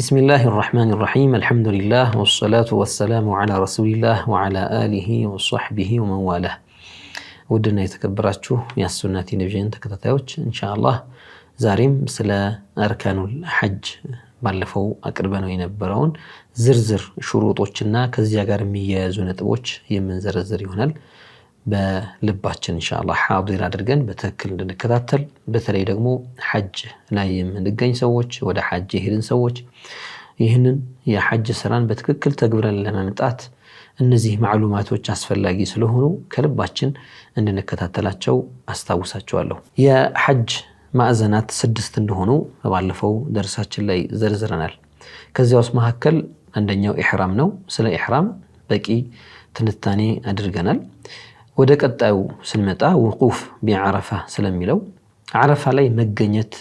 بسم الله الرحمن الرحيم الحمد لله والصلاة والسلام على رسول الله وعلى آله وصحبه ومن والاه ودنا يتكبراتشو يا السنة نبجين تكتتاوش إن شاء الله زاريم سلا أركان الحج ባለፈው አቅርበነው የነበረውን ዝርዝር ሽሩጦችና ከዚያ ጋር የሚያያዙ ነጥቦች የምንዘረዝር ይሆናል በልባችን እንሻላ ሓዲር አድርገን በትክክል እንድንከታተል በተለይ ደግሞ ሐጅ ላይ የምንገኝ ሰዎች ወደ ሐጅ የሄድን ሰዎች ይህንን የሐጅ ስራን በትክክል ተግብረን ለመምጣት እነዚህ ማዕሉማቶች አስፈላጊ ስለሆኑ ከልባችን እንድንከታተላቸው አስታውሳቸዋለሁ። የሐጅ ማዕዘናት ስድስት እንደሆኑ ባለፈው ደርሳችን ላይ ዘርዝረናል። ከዚያ ውስጥ መካከል አንደኛው ኢሕራም ነው። ስለ ኢሕራም በቂ ትንታኔ አድርገናል። ወደ ቀጣዩ ስንመጣ ውቁፍ ቢዓረፋ ስለሚለው አረፋ ላይ መገኘት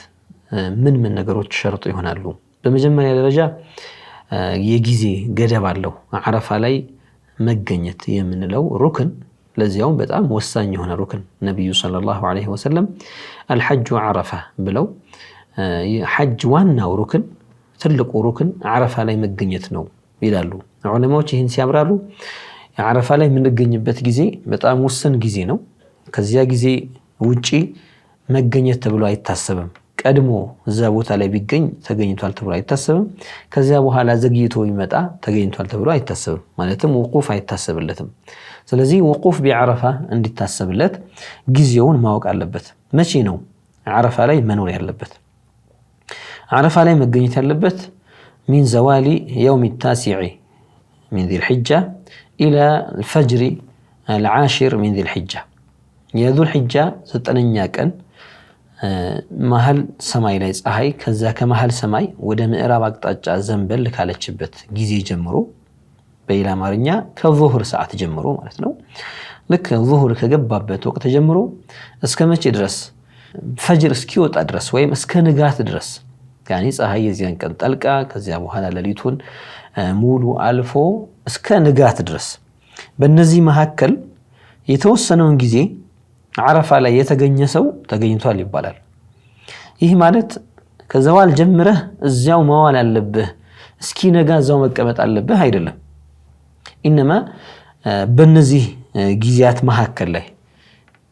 ምን ምን ነገሮች ሸርጡ ይሆናሉ? በመጀመሪያ ደረጃ የጊዜ ገደብ አለው። አረፋ ላይ መገኘት የምንለው ሩክን፣ ለዚያውም በጣም ወሳኝ የሆነ ሩክን ነቢዩ ሰለላሁ ዐለይሂ ወሰለም አልሐጁ አረፋ ብለው ሐጅ ዋናው ሩክን ትልቁ ሩክን አረፋ ላይ መገኘት ነው ይላሉ ዑለማዎች። ይህን ሲያብራሩ አረፋ ላይ የምንገኝበት ጊዜ በጣም ውስን ጊዜ ነው። ከዚያ ጊዜ ውጪ መገኘት ተብሎ አይታሰብም። ቀድሞ እዛ ቦታ ላይ ቢገኝ ተገኝቷል ተብሎ አይታሰብም። ከዚያ በኋላ ዘግይቶ ይመጣ ተገኝቷል ተብሎ አይታሰብም። ማለትም ውቁፍ አይታሰብለትም። ስለዚህ ውቁፍ ቢዓረፋ እንዲታሰብለት ጊዜውን ማወቅ አለበት። መቼ ነው ዓረፋ ላይ መኖር ያለበት? ዓረፋ ላይ መገኘት ያለበት ሚን ዘዋሊ የውም ታሲዕ ሚን ዚልሕጃ ኢላ አልፈጅሪ አልዓሽር ሚን ዚል ሒጃ ዘጠነኛ ቀን መሀል ሰማይ ላይ ፀሐይ ከዛ ከመሀል ሰማይ ወደ ምዕራብ አቅጣጫ ዘንበል ካለችበት ጊዜ ጀምሮ በሌላ አማርኛ ከዙሁር ሰዓት ጀምሮ ማለት ነው። ልክ ዙሁር ከገባበት ወቅት ጀምሮ እስከ መቼ ድረስ? ፈጅር እስኪወጣ ድረስ ወይም እስከ ንጋት ድረስ ያኔ ፀሐይ የዚያን ቀን ጠልቃ ከዚያ በኋላ ሌሊቱን ሙሉ አልፎ እስከ ንጋት ድረስ በእነዚህ መካከል የተወሰነውን ጊዜ አረፋ ላይ የተገኘ ሰው ተገኝቷል ይባላል። ይህ ማለት ከዘዋል ጀምረህ እዚያው መዋል አለብህ፣ እስኪ ነጋ እዛው መቀመጥ አለብህ አይደለም። ኢነማ በእነዚህ ጊዜያት መካከል ላይ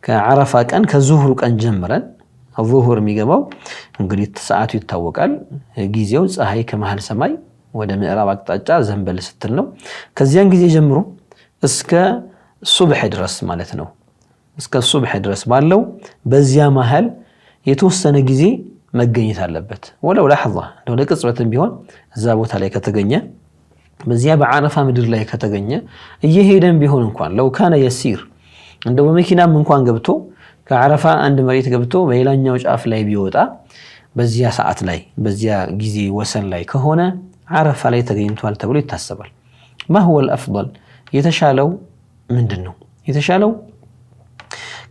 ከአረፋ ቀን ከዙሁር ቀን ጀምረን ዙሁር የሚገባው እንግዲህ ሰዓቱ ይታወቃል። ጊዜው ፀሐይ ከመሃል ሰማይ ወደ ምዕራብ አቅጣጫ ዘንበል ስትል ነው። ከዚያን ጊዜ ጀምሮ እስከ ሱብሕ ድረስ ማለት ነው። እስከ ሱብሕ ድረስ ባለው በዚያ መሃል የተወሰነ ጊዜ መገኘት አለበት። ወለው ላሕዛ እንደው ለቅጽበትም ቢሆን እዛ ቦታ ላይ ከተገኘ በዚያ በዓረፋ ምድር ላይ ከተገኘ እየሄደን ቢሆን እንኳን ለው ካነ የሲር እንደው በመኪናም እንኳን ገብቶ ከዓረፋ አንድ መሬት ገብቶ በሌላኛው ጫፍ ላይ ቢወጣ በዚያ ሰዓት ላይ በዚያ ጊዜ ወሰን ላይ ከሆነ አረፋ ላይ ተገኝቷል ተብሎ ይታሰባል። ማህወል አፍል የተሻለው ምንድን ነው? የተሻለው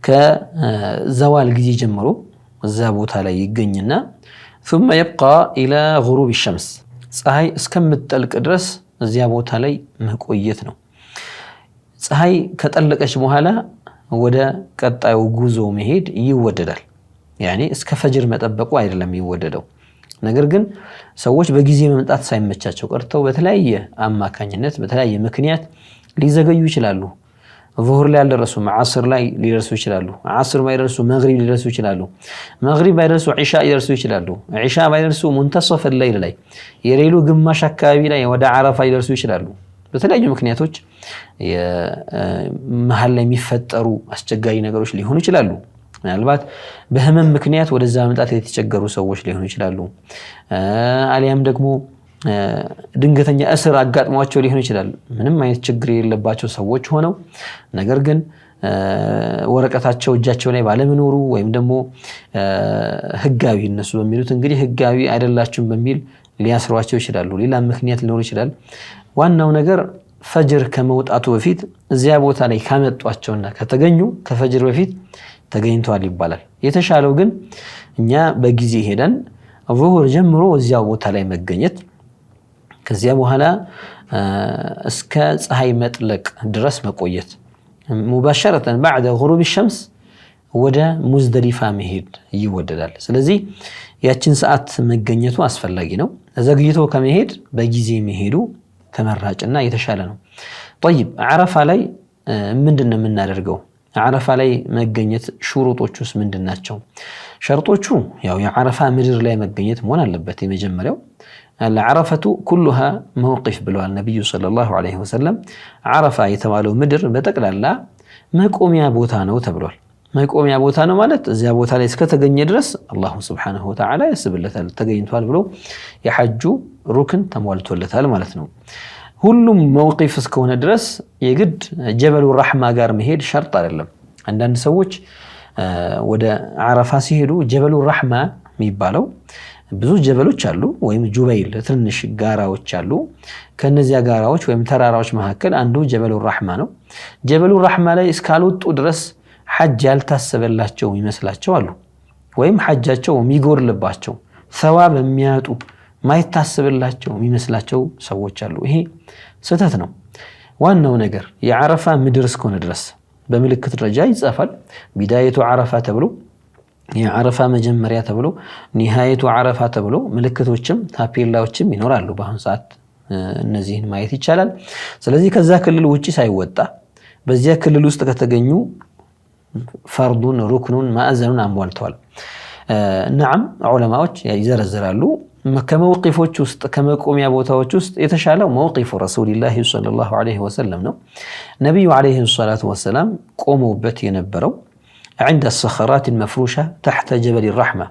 ከዘዋል ጊዜ ጀምሮ እዛ ቦታ ላይ ይገኝና ሱመ يبقى إلى غروب الشمس ፀሐይ እስከምትጠልቅ ድረስ እዚያ ቦታ ላይ መቆየት ነው። ፀሐይ ከጠለቀች በኋላ ወደ ቀጣዩ ጉዞ መሄድ ይወደዳል። ያኔ እስከ ፈጅር መጠበቁ አይደለም የሚወደደው። ነገር ግን ሰዎች በጊዜ መምጣት ሳይመቻቸው ቀርተው በተለያየ አማካኝነት በተለያየ ምክንያት ሊዘገዩ ይችላሉ። ዙሁር ላይ አልደረሱም፣ ዓስር ላይ ሊደርሱ ይችላሉ። ዓስር ባይደርሱ መግሪብ ሊደርሱ ይችላሉ። መግሪብ ባይደርሱ ዒሻ ሊደርሱ ይችላሉ። ዒሻ ባይደርሱ ሙንተሰፍ ላይል ላይ የሌሉ ግማሽ አካባቢ ላይ ወደ ዓረፋ ሊደርሱ ይችላሉ። በተለያዩ ምክንያቶች መሀል ላይ የሚፈጠሩ አስቸጋሪ ነገሮች ሊሆኑ ይችላሉ። ምናልባት በህመም ምክንያት ወደዛ መምጣት የተቸገሩ ሰዎች ሊሆኑ ይችላሉ። አሊያም ደግሞ ድንገተኛ እስር አጋጥሟቸው ሊሆን ይችላል። ምንም አይነት ችግር የሌለባቸው ሰዎች ሆነው ነገር ግን ወረቀታቸው እጃቸው ላይ ባለመኖሩ ወይም ደግሞ ህጋዊ እነሱ በሚሉት እንግዲህ ህጋዊ አይደላችሁም በሚል ሊያስሯቸው ይችላሉ። ሌላ ምክንያት ሊኖር ይችላል። ዋናው ነገር ፈጅር ከመውጣቱ በፊት እዚያ ቦታ ላይ ካመጧቸውና ከተገኙ ከፈጅር በፊት ተገኝቷል ይባላል። የተሻለው ግን እኛ በጊዜ ሄደን ዙሁር ጀምሮ እዚያው ቦታ ላይ መገኘት ከዚያ በኋላ እስከ ፀሐይ መጥለቅ ድረስ መቆየት፣ ሙባሸረተን ባዕደ ጉሩብ ሸምስ ወደ ሙዝደሊፋ መሄድ ይወደዳል። ስለዚህ ያችን ሰዓት መገኘቱ አስፈላጊ ነው። ዘግይቶ ከመሄድ በጊዜ መሄዱ ተመራጭና የተሻለ ነው። ጠይብ፣ አረፋ ላይ ምንድን ነው የምናደርገው? አረፋ ላይ መገኘት ሹሩጦቹስ ውስጥ ምንድን ናቸው? ሸርጦቹ ያው የዓረፋ ምድር ላይ መገኘት መሆን አለበት። የመጀመሪያው አልዓረፈቱ ኩሉሃ መውቂፍ ብለዋል ነቢዩ ሰለላሁ ዐለይሂ ወሰለም። አረፋ የተባለው ምድር በጠቅላላ መቆሚያ ቦታ ነው ተብሏል። መቆሚያ ቦታ ነው ማለት እዚያ ቦታ ላይ እስከተገኘ ድረስ አላሁ ስብሓነሁ ወተዓላ ያስብለታል። ተገኝቷል ብሎ የሐጁ ሩክን ተሟልቶለታል ማለት ነው። ሁሉም መውቂፍ እስከሆነ ድረስ የግድ ጀበሉ ራሕማ ጋር መሄድ ሸርጥ አይደለም። አንዳንድ ሰዎች ወደ ዓረፋ ሲሄዱ ጀበሉ ራሕማ የሚባለው ብዙ ጀበሎች አሉ፣ ወይም ጁበይል ትንሽ ጋራዎች አሉ። ከነዚያ ጋራዎች ወይም ተራራዎች መካከል አንዱ ጀበሉ ራሕማ ነው። ጀበሉ ራሕማ ላይ እስካልወጡ ድረስ ሐጅ ያልታሰበላቸው ይመስላቸው አሉ፣ ወይም ሐጃቸው የሚጎርልባቸው ሰዋብ የሚያጡ ማይታስብላቸው የሚመስላቸው ሰዎች አሉ። ይሄ ስህተት ነው። ዋናው ነገር የዓረፋ ምድር እስከሆነ ድረስ በምልክት ደረጃ ይጻፋል። ቢዳየቱ ዓረፋ ተብሎ የዓረፋ መጀመሪያ ተብሎ ኒሃየቱ ዓረፋ ተብሎ ምልክቶችም ታፔላዎችም ይኖራሉ። በአሁኑ ሰዓት እነዚህን ማየት ይቻላል። ስለዚህ ከዛ ክልል ውጭ ሳይወጣ በዚያ ክልል ውስጥ ከተገኙ ፈርዱን፣ ሩክኑን፣ ማዕዘኑን አሟልተዋል። ነዓም ዑለማዎች ይዘረዝራሉ። ከመውቂፎች ውስጥ ከመቆሚያ ቦታዎች ውስጥ የተሻለው መውቂፉ ረሱሊላሂ ሰለላሁ ዐለይሂ ወሰለም ነው። ነቢዩ ዐለይሂ ሰላቱ ወሰላም ቆመውበት የነበረው ዐንደ ሰኸራት መፍሩሻ ታሕተ ጀበል ራሕማ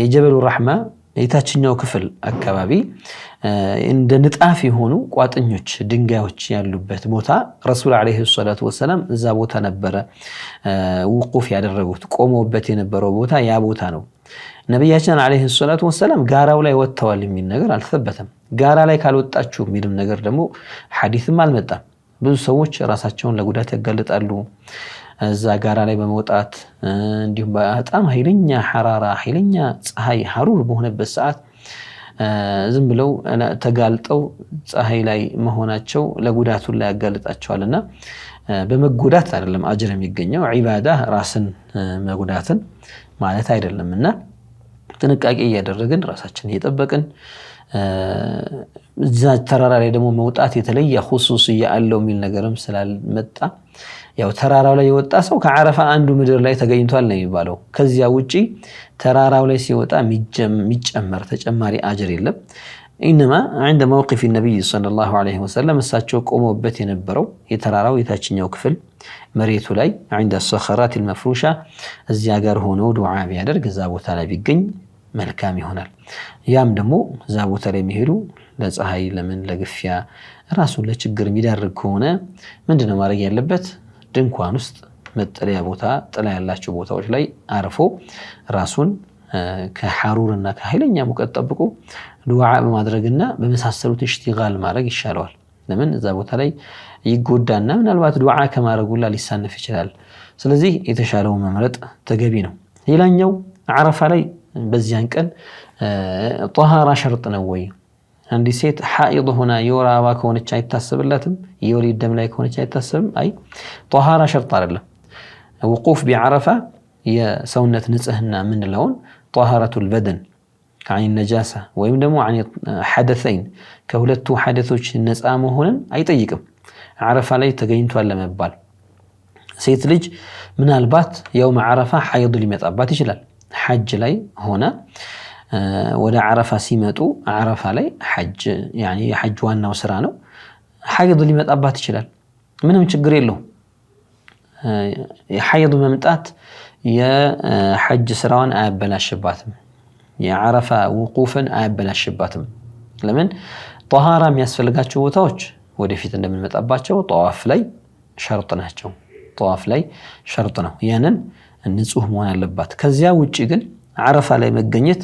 የጀበሉ ራሕማ የታችኛው ክፍል አካባቢ እንደ ንጣፍ የሆኑ ቋጥኞች ድንጋዮች ያሉበት ቦታ ረሱል ዐለይሂ ሰላቱ ወሰላም እዛ ቦታ ነበረ ውቁፍ ያደረጉት። ቆመውበት የነበረው ቦታ ያ ቦታ ነው። ነቢያችን ዓለይሂ ሰላቱ ወሰላም ጋራው ላይ ወጥተዋል የሚል ነገር አልተበተም። ጋራ ላይ ካልወጣችሁ የሚልም ነገር ደግሞ ሐዲስም አልመጣም። ብዙ ሰዎች ራሳቸውን ለጉዳት ያጋልጣሉ እዛ ጋራ ላይ በመውጣት እንዲሁም በጣም ኃይለኛ ሐራራ፣ ኃይለኛ ፀሐይ ሐሩር በሆነበት ሰዓት ዝም ብለው ተጋልጠው ፀሐይ ላይ መሆናቸው ለጉዳቱን ላይ ያጋልጣቸዋል እና በመጎዳት አይደለም አጅር የሚገኘው ዒባዳ ራስን መጉዳትን ማለት አይደለም እና ጥንቃቄ እያደረግን ራሳችን እየጠበቅን እዛ ተራራ ላይ ደግሞ መውጣት የተለየ ሁሱስ ያለው የሚል ነገርም ስላልመጣ ያው ተራራው ላይ የወጣ ሰው ከዓረፋ አንዱ ምድር ላይ ተገኝቷል ነው የሚባለው። ከዚያ ውጪ ተራራው ላይ ሲወጣ የሚጨመር ተጨማሪ አጅር የለም። ኢነማ እንደ መውቂፍ ነቢይ ሰለላሁ ዐለይሂ ወሰለም እሳቸው ቆመውበት የነበረው የተራራው የታችኛው ክፍል መሬቱ ላይ እንደ ሰኸራት ልመፍሩሻ እዚያ ጋር ሆኖ ዱዓ ቢያደርግ እዛ ቦታ ላይ ቢገኝ መልካም ይሆናል። ያም ደግሞ እዛ ቦታ ላይ የሚሄዱ ለፀሐይ፣ ለምን ለግፊያ ራሱን ለችግር የሚዳርግ ከሆነ ምንድነው ማድረግ ያለበት? ድንኳን ውስጥ መጠለያ ቦታ፣ ጥላ ያላቸው ቦታዎች ላይ አርፎ ራሱን ከሐሩር እና ከኃይለኛ ሙቀት ጠብቆ ዱዓ በማድረግና በመሳሰሉት እሽቲጋል ማድረግ ይሻለዋል። ለምን እዛ ቦታ ላይ ይጎዳና ምናልባት ዱዓ ከማድረጉላ ሊሳነፍ ይችላል። ስለዚህ የተሻለው መምረጥ ተገቢ ነው። ሌላኛው አረፋ ላይ በዚያን ቀን ጧሃራ ሸርጥ ነው ወይ? አንዲት ሴት ሓኢድ ሆና የወር አበባ ከሆነች አይታሰብላትም? የወሊድ ደም ላይ ከሆነች አይታሰብም? አይ ጧሃራ ሸርጥ አይደለም። ውቁፍ ቢዓረፋ የሰውነት ንጽህና የምንለውን ጧሃረቱል በደን ከአይን ነጃሳ ወይም ደግሞ ሐደተይን ከሁለቱ ሐደቶች ነፃ መሆንን አይጠይቅም። አረፋ ላይ ተገኝቷል ለመባል ሴት ልጅ ምናልባት የውም አረፋ ሓይዱ ሊመጣባት ይችላል። ሐጅ ላይ ሆነ ወደ ዓረፋ ሲመጡ ዓረፋ ላይ ሐጅ ያኔ የሐጅ ዋናው ስራ ነው። ሐይድ ሊመጣባት ይችላል። ምንም ችግር የለው የሐይድ መምጣት የሐጅ ስራዋን አያበላሽባትም። የዓረፋ ውቁፍን አያበላሽባትም። ለምን ጠሃራ የሚያስፈልጋቸው ቦታዎች ወደፊት እንደምንመጣባቸው ጠዋፍ ላይ ሸርጥ ናቸው። ጠዋፍ ላይ ሸርጥ ነው ያንን ንጹህ መሆን አለባት። ከዚያ ውጭ ግን አረፋ ላይ መገኘት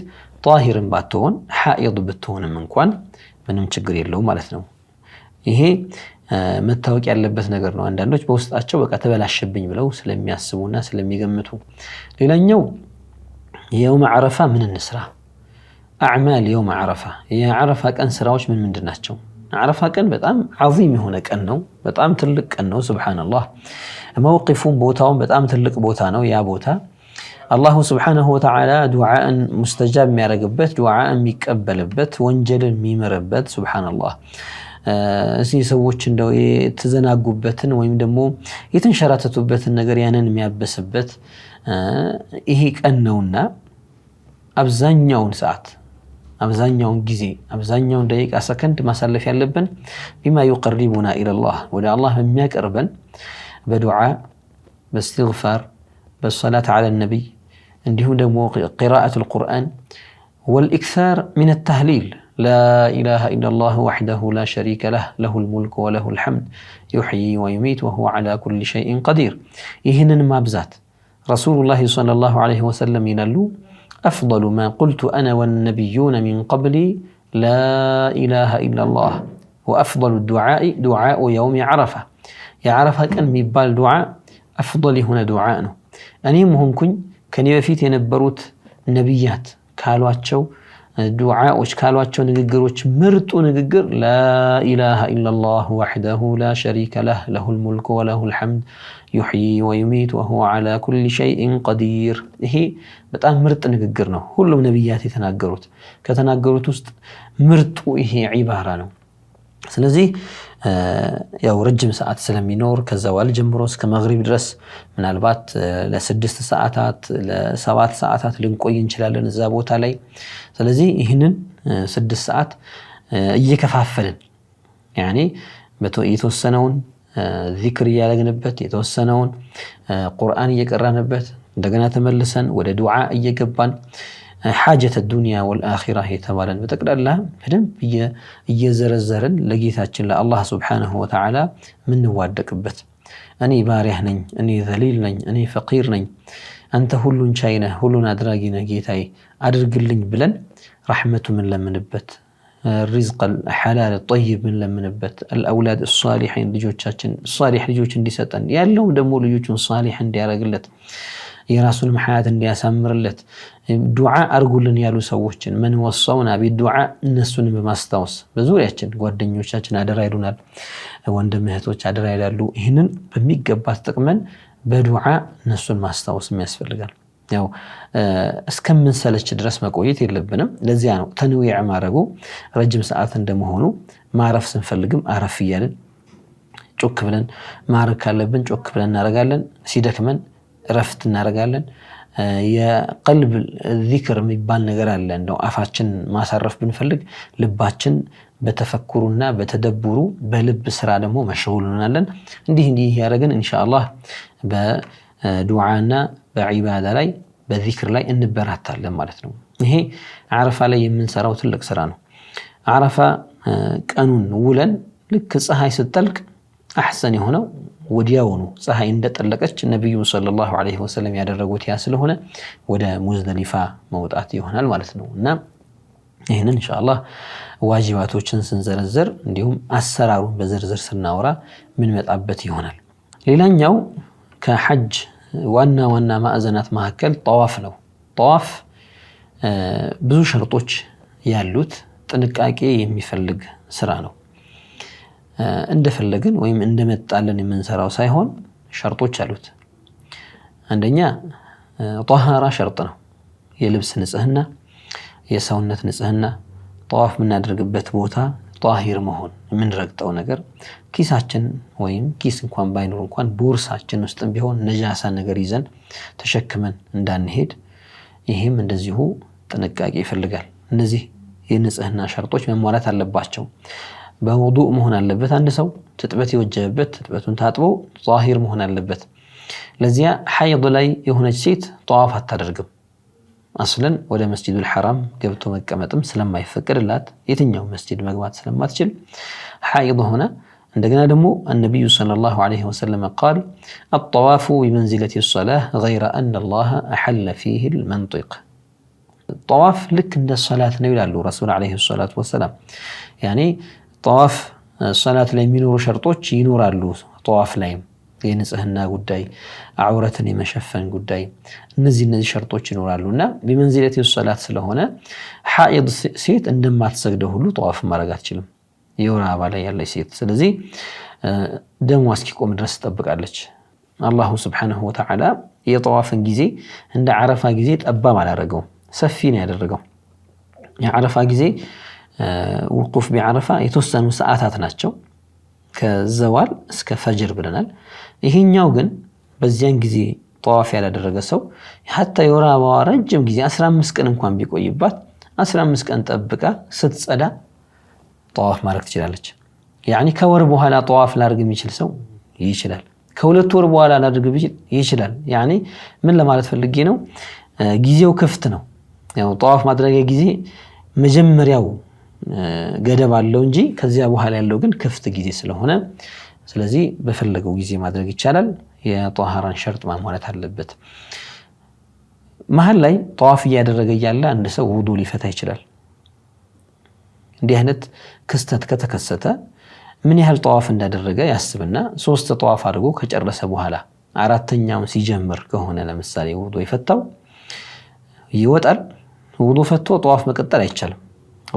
ጣሂርን ባትሆን ሐኢድ ብትሆንም እንኳን ምንም ችግር የለውም ማለት ነው። ይሄ መታወቅ ያለበት ነገር ነው። አንዳንዶች በውስጣቸው በቃ ተበላሸብኝ ብለው ስለሚያስቡና ስለሚገምቱ። ሌላኛው የውመ አረፋ ምን እንስራ? አዕማል የውመ አረፋ፣ የአረፋ ቀን ስራዎች ምን ምንድን ናቸው? አረፋ ቀን በጣም ዓዚም የሆነ ቀን ነው። በጣም ትልቅ ቀን ነው። ሱብሓነላህ መውቂፉን ቦታውም በጣም ትልቅ ቦታ ነው። ያ ቦታ አላሁ ስብሓነሁ ወተዓላ ዱዓን ሙስተጃብ የሚያደርግበት ዱዓን የሚቀበልበት ወንጀልን የሚምርበት ሱብሓነላህ። እስኪ ሰዎች እንደው የተዘናጉበትን ወይም ደግሞ የተንሸራተቱበትን ነገር ያንን የሚያበስበት ይሄ ቀን ነውና አብዛኛውን ሰዓት አብዛኛውን ጊዜ አብዛኛውን ደቂቃ ሰከንድ ማሳለፍ ያለብን ቢማ ዩቀሪቡና ኢለላህ ወደ አላህ የሚያቀርበን بدعاء باستغفار بالصلاة على النبي عندهم دمو قراءة القرآن والإكثار من التهليل لا إله إلا الله وحده لا شريك له له الملك وله الحمد يحيي ويميت وهو على كل شيء قدير إهنن ما بزات رسول الله صلى الله عليه وسلم ينلو أفضل ما قلت أنا والنبيون من قبلي لا إله إلا الله وأفضل الدعاء دعاء يوم عرفة የዓረፋ ቀን የሚባል ዱዓ አፍዶል የሆነ ዱዓ ነው። እኔም ሆንኩኝ ከኔ በፊት የነበሩት ነቢያት ካሏቸው ዱዓዎች ካሏቸው ንግግሮች ምርጡ ንግግር ላኢላሃ ኢለላህ ወሕደሁ ላ ለህ ለሁል ሙልኩ ወለሁል ሐምድ ዩሕዪ ወዩሚት ወሁወ ዓላ ኩሊ ሸይእን ቀዲር። ይሄ በጣም ምርጥ ንግግር ነው። ሁሉም ነቢያት የተናገሩት ከተናገሩት ውስጥ ምርጡ ይሄ ዒባራ ነው። ስለዚህ ያው ረጅም ሰዓት ስለሚኖር ከዛ ከዘዋል ጀምሮ እስከ መግሪብ ድረስ ምናልባት ለስድስት ሰዓታት ለሰባት ሰዓታት ልንቆይ እንችላለን እዛ ቦታ ላይ። ስለዚህ ይህንን ስድስት ሰዓት እየከፋፈልን ያኔ የተወሰነውን ዚክር እያደረግንበት የተወሰነውን ቁርአን እየቀራንበት እንደገና ተመልሰን ወደ ዱዓ እየገባን ሓጀተ ዱንያ ወልአኺራ የተባለን በጠቅላላ በደንብ እየዘረዘርን ለጌታችን ለአላህ ስብሓንሁ ወተዓላ ምንዋደቅበት እኔ ባሪያህ ነኝ፣ እኔ ዘሊል ነኝ፣ እኔ ፈቂር ነኝ፣ አንተ ሁሉን ቻይ ነህ፣ ሁሉን አድራጊ ነህ ጌታዬ አድርግልኝ ብለን ራሕመቱ ምንለምንበት፣ ሪዝቅ ሓላል ጠይብ ምንለምንበት፣ አልአውላድ ሳሊሒን ልጆቻችን ሳሊሕ ልጆች እንዲሰጠን ያለውም ደግሞ ልጆቹን ሳሊሕ እንዲያደርግለት የራሱንም ሐያት እንዲያሳምርለት ዱዓ አርጉልን ያሉ ሰዎችን መን ወሰውና ቢዱዓ እነሱን በማስታወስ በዙሪያችን ጓደኞቻችን አደራ ይሉናል፣ ወንድም እህቶች አደራ ይላሉ። ይህንን በሚገባ ተጠቅመን በዱዓ እነሱን ማስታወስ የሚያስፈልጋል። ያው እስከምንሰለች ድረስ መቆየት የለብንም። ለዚያ ነው ተንዊዕ ማድረጉ ረጅም ሰዓት እንደመሆኑ ማረፍ ስንፈልግም አረፍ እያልን ጮክ ብለን ማረግ ካለብን ጮክ ብለን እናደርጋለን ሲደክመን እረፍት እናደርጋለን። የቀልብ ዚክር የሚባል ነገር አለ። እንደው አፋችን ማሳረፍ ብንፈልግ ልባችን በተፈኩሩና በተደቡሩ በልብ ስራ ደግሞ መሸጉል እንሆናለን። እንዲህ እንዲህ ያደረግን ኢንሻአላህ በዱዓና በዒባዳ ላይ በዚክር ላይ እንበራታለን ማለት ነው። ይሄ አረፋ ላይ የምንሰራው ትልቅ ስራ ነው። አረፋ ቀኑን ውለን ልክ ፀሐይ ስትጠልቅ አሕሰን የሆነው ወዲያውኑ ፀሐይ እንደጠለቀች ነቢዩን ሰለላሁ ዐለይሂ ወሰለም ያደረጉት ያ ስለሆነ ወደ ሙዝደሊፋ መውጣት ይሆናል ማለት ነው እና ይህንን ኢንሻአላህ ዋጅባቶችን ስንዘረዘር እንዲሁም አሰራሩን በዝርዝር ስናወራ ምንመጣበት ይሆናል። ሌላኛው ከሐጅ ዋና ዋና ማዕዘናት መካከል ጠዋፍ ነው። ጠዋፍ ብዙ ሸርጦች ያሉት ጥንቃቄ የሚፈልግ ስራ ነው። እንደፈለግን ወይም እንደመጣልን የምንሰራው ሳይሆን ሸርጦች አሉት። አንደኛ ጧሃራ ሸርጥ ነው። የልብስ ንጽህና፣ የሰውነት ንጽህና፣ ጠዋፍ የምናደርግበት ቦታ ጣሂር መሆን፣ የምንረግጠው ነገር ኪሳችን ወይም ኪስ እንኳን ባይኖር እንኳን ቦርሳችን ውስጥም ቢሆን ነጃሳ ነገር ይዘን ተሸክመን እንዳንሄድ፣ ይህም እንደዚሁ ጥንቃቄ ይፈልጋል። እነዚህ የንጽህና ሸርጦች መሟላት አለባቸው። በውዱእ መሆን አለበት። አንድ ሰው ትጥበት የወጀበበት ትጥበቱን ታጥቦ ዛሂር መሆን አለበት። ለዚያ ሐይድ ላይ የሆነች ሴት ጠዋፍ አታደርግም። አስለን ወደ መስጂዱል ሐራም ገብቶ መቀመጥም ስለማይፈቀድላት የትኛው መስጂድ መግባት ስለማትችል ሐይድ ሆነ እንደገና ደግሞ ነቢዩ ሰለላሁ ዐለይሂ ወሰለም ቃል አጠዋፉ ቢመንዚለቲ ሶላህ ገይረ አነ ላህ አሐለ ፊህ ልመንጢቅ ጠዋፍ ልክ እንደ ሶላት ነው ይላሉ ረሱል ዐለይሂ ሰላቱ ወሰላም። ጠዋፍ ሰላት ላይ የሚኖሩ ሸርጦች ይኖራሉ። ጠዋፍ ላይም የንጽህና ጉዳይ፣ አውረትን የመሸፈን ጉዳይ፣ እነዚህ እነዚህ ሸርጦች ይኖራሉ እና ቢመንዚለት ሰላት ስለሆነ ሐኢድ ሴት እንደማትሰግደው ሁሉ ጠዋፍ ማድረግ አትችልም። የወር አበባ ላይ ያለች ሴት ስለዚህ ደሟ እስኪቆም ድረስ ትጠብቃለች። አላሁ ስብሓነሁ ወተዓላ የጠዋፍን ጊዜ እንደ አረፋ ጊዜ ጠባብ አላደረገውም፣ ሰፊ ነው ያደረገው የአረፋ ጊዜ ውቁፍ ቢዓረፋ የተወሰኑ ሰዓታት ናቸው። ከዘዋል እስከ ፈጅር ብለናል። ይሄኛው ግን በዚያን ጊዜ ጠዋፍ ያላደረገ ሰው ሀታ የወር አበባዋ ረጅም ጊዜ 15 ቀን እንኳን ቢቆይባት 15 ቀን ጠብቃ ስትጸዳ ጠዋፍ ማድረግ ትችላለች። ያኒ ከወር በኋላ ጠዋፍ ላድርግ የሚችል ሰው ይችላል። ከሁለት ወር በኋላ ላድርግ ይችላል። ያኒ ምን ለማለት ፈልጌ ነው? ጊዜው ክፍት ነው። ያው ጠዋፍ ማድረጊያ ጊዜ መጀመሪያው ገደብ አለው እንጂ ከዚያ በኋላ ያለው ግን ክፍት ጊዜ ስለሆነ ስለዚህ በፈለገው ጊዜ ማድረግ ይቻላል። የጧሃራን ሸርጥ ማሟላት አለበት። መሀል ላይ ጠዋፍ እያደረገ እያለ አንድ ሰው ውዱ ሊፈታ ይችላል። እንዲህ አይነት ክስተት ከተከሰተ ምን ያህል ጠዋፍ እንዳደረገ ያስብና ሶስት ጠዋፍ አድርጎ ከጨረሰ በኋላ አራተኛውን ሲጀምር ከሆነ ለምሳሌ ውዱ የፈታው ይወጣል። ውዱ ፈቶ ጠዋፍ መቀጠል አይቻልም።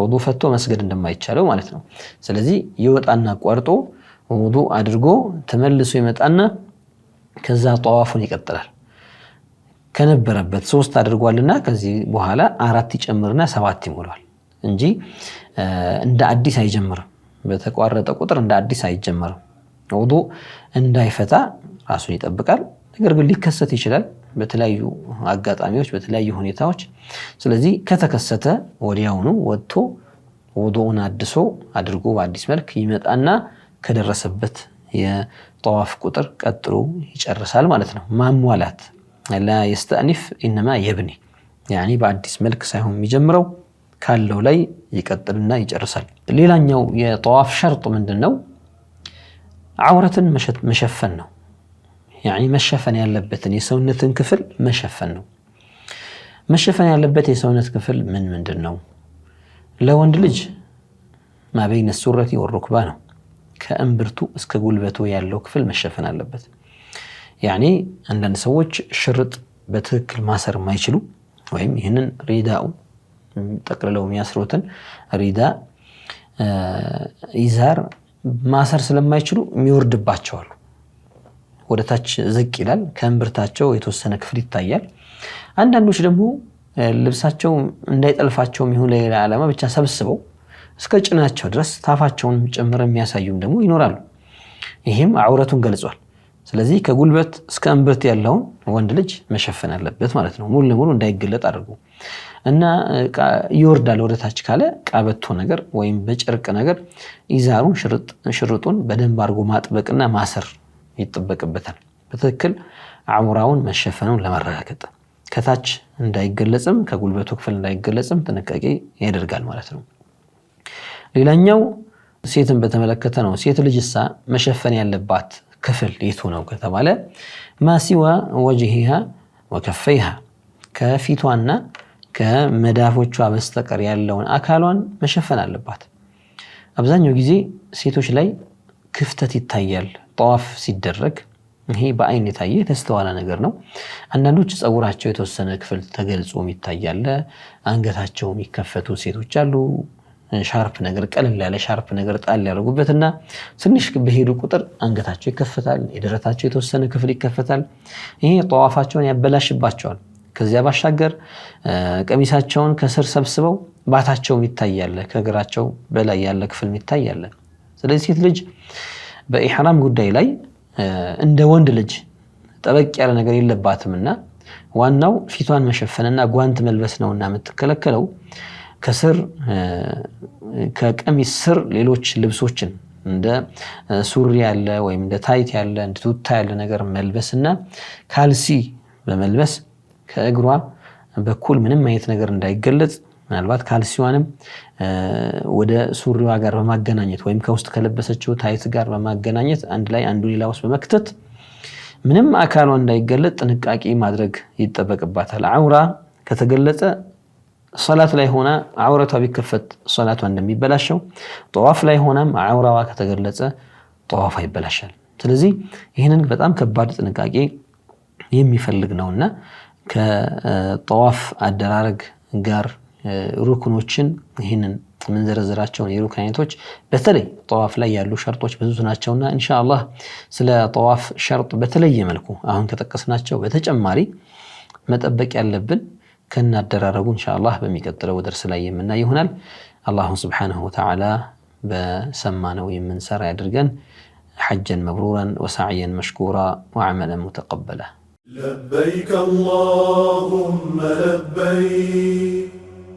ውዱ ፈቶ መስገድ እንደማይቻለው ማለት ነው። ስለዚህ ይወጣና ቆርጦ ውዱ አድርጎ ተመልሶ ይመጣና ከዛ ጠዋፉን ይቀጥላል። ከነበረበት ሶስት አድርጓልና ከዚህ በኋላ አራት ይጨምርና ሰባት ይሞላል እንጂ እንደ አዲስ አይጀምርም። በተቋረጠ ቁጥር እንደ አዲስ አይጀመርም። ውዱ እንዳይፈታ ራሱን ይጠብቃል። ነገር ግን ሊከሰት ይችላል። በተለያዩ አጋጣሚዎች በተለያዩ ሁኔታዎች። ስለዚህ ከተከሰተ ወዲያውኑ ወጥቶ ውዱኡን አድሶ አድርጎ በአዲስ መልክ ይመጣና ከደረሰበት የጠዋፍ ቁጥር ቀጥሎ ይጨርሳል ማለት ነው። ማሟላት ላ ኢነማ የብኒ ያኒ በአዲስ መልክ ሳይሆን የሚጀምረው ካለው ላይ ይቀጥልና ይጨርሳል። ሌላኛው የጠዋፍ ሸርጥ ምንድን ነው? አውረትን መሸፈን ነው። ያኒ መሸፈን ያለበትን የሰውነትን ክፍል መሸፈን ነው። መሸፈን ያለበት የሰውነት ክፍል ምን ምንድን ነው? ለወንድ ልጅ ማበይነ ሱረቲ ወሩክባ ነው። ከእምብርቱ እስከ ጉልበቱ ያለው ክፍል መሸፈን አለበት። ያኔ አንዳንድ ሰዎች ሽርጥ በትክክል ማሰር የማይችሉ ወይም ይህንን ሪዳኡ ጠቅልለው የሚያስሩትን ሪዳ ኢዛር ማሰር ስለማይችሉ የሚወርድባቸዋሉ። ወደ ታች ዝቅ ይላል። ከእምብርታቸው የተወሰነ ክፍል ይታያል። አንዳንዶች ደግሞ ልብሳቸው እንዳይጠልፋቸውም ይሁን ለሌላ ዓላማ ብቻ ሰብስበው እስከ ጭናቸው ድረስ ታፋቸውን ጭምር የሚያሳዩም ደግሞ ይኖራሉ። ይህም አውረቱን ገልጿል። ስለዚህ ከጉልበት እስከ እምብርት ያለውን ወንድ ልጅ መሸፈን አለበት ማለት ነው። ሙሉ ለሙሉ እንዳይገለጥ አድርጉ እና ይወርዳል ወደታች ካለ ቀበቶ ነገር ወይም በጨርቅ ነገር ኢዛሩን ሽርጡን በደንብ አድርጎ ማጥበቅና ማሰር ይጠበቅበታል። በትክክል አሙራውን መሸፈኑን ለመረጋገጥ ከታች እንዳይገለጽም ከጉልበቱ ክፍል እንዳይገለጽም ጥንቃቄ ያደርጋል ማለት ነው። ሌላኛው ሴትን በተመለከተ ነው። ሴት ልጅሳ መሸፈን ያለባት ክፍል የቱ ነው ከተባለ ማሲዋ ወጅሂሃ ወከፈይሃ ከፊቷና ከመዳፎቿ በስተቀር ያለውን አካሏን መሸፈን አለባት። አብዛኛው ጊዜ ሴቶች ላይ ክፍተት ይታያል ጠዋፍ ሲደረግ። ይሄ በአይን የታየ የተስተዋለ ነገር ነው። አንዳንዶች ፀጉራቸው የተወሰነ ክፍል ተገልጾም ይታያለ። አንገታቸውም የሚከፈቱ ሴቶች አሉ። ሻርፕ ነገር ቀለል ያለ ሻርፕ ነገር ጣል ያደርጉበት እና ትንሽ በሄዱ ቁጥር አንገታቸው ይከፈታል፣ የደረታቸው የተወሰነ ክፍል ይከፈታል። ይሄ ጠዋፋቸውን ያበላሽባቸዋል። ከዚያ ባሻገር ቀሚሳቸውን ከስር ሰብስበው ባታቸውም ይታያለ፣ ከእግራቸው በላይ ያለ ክፍል ይታያለ። ስለዚህ ሴት ልጅ በኢሕራም ጉዳይ ላይ እንደ ወንድ ልጅ ጠበቅ ያለ ነገር የለባትምና ዋናው ፊቷን መሸፈንና ጓንት መልበስ ነውና የምትከለከለው ከስር ከቀሚስ ስር ሌሎች ልብሶችን እንደ ሱሪ ያለ ወይም እንደ ታይት ያለ እንደ ቱታ ያለ ነገር መልበስና ካልሲ በመልበስ ከእግሯ በኩል ምንም አይነት ነገር እንዳይገለጽ ምናልባት ካልሲዋንም ወደ ሱሪዋ ጋር በማገናኘት ወይም ከውስጥ ከለበሰችው ታይት ጋር በማገናኘት አንድ ላይ አንዱ ሌላ ውስጥ በመክተት ምንም አካሏ እንዳይገለጥ ጥንቃቄ ማድረግ ይጠበቅባታል። አውራ ከተገለጠ ሰላት ላይ ሆና አውረቷ ቢከፈት ሰላቷ እንደሚበላሸው፣ ጠዋፍ ላይ ሆናም አውራዋ ከተገለጸ ጠዋፏ ይበላሻል። ስለዚህ ይህንን በጣም ከባድ ጥንቃቄ የሚፈልግ ነውና ከጠዋፍ አደራረግ ጋር ሩክኖችን ይህንን የምንዘረዝራቸውን የሩክን አይነቶች በተለይ ጠዋፍ ላይ ያሉ ሸርጦች ብዙ ናቸውና ኢንሻአላህ ስለ ጠዋፍ ሸርጥ በተለየ መልኩ አሁን ከጠቀስናቸው በተጨማሪ መጠበቅ ያለብን ከናደራረጉ ኢንሻአላህ በሚቀጥለው ደርስ ላይ የምናይ ይሆናል። አላሁን ስብሓነሁ ወተዓላ በሰማነው የምንሰራ ያድርገን። ሐጀን መብሩረን ወሳዕየን መሽኩራ ወዓመለን ሙተቀበላ ለበይከ አላሁመ ለበይክ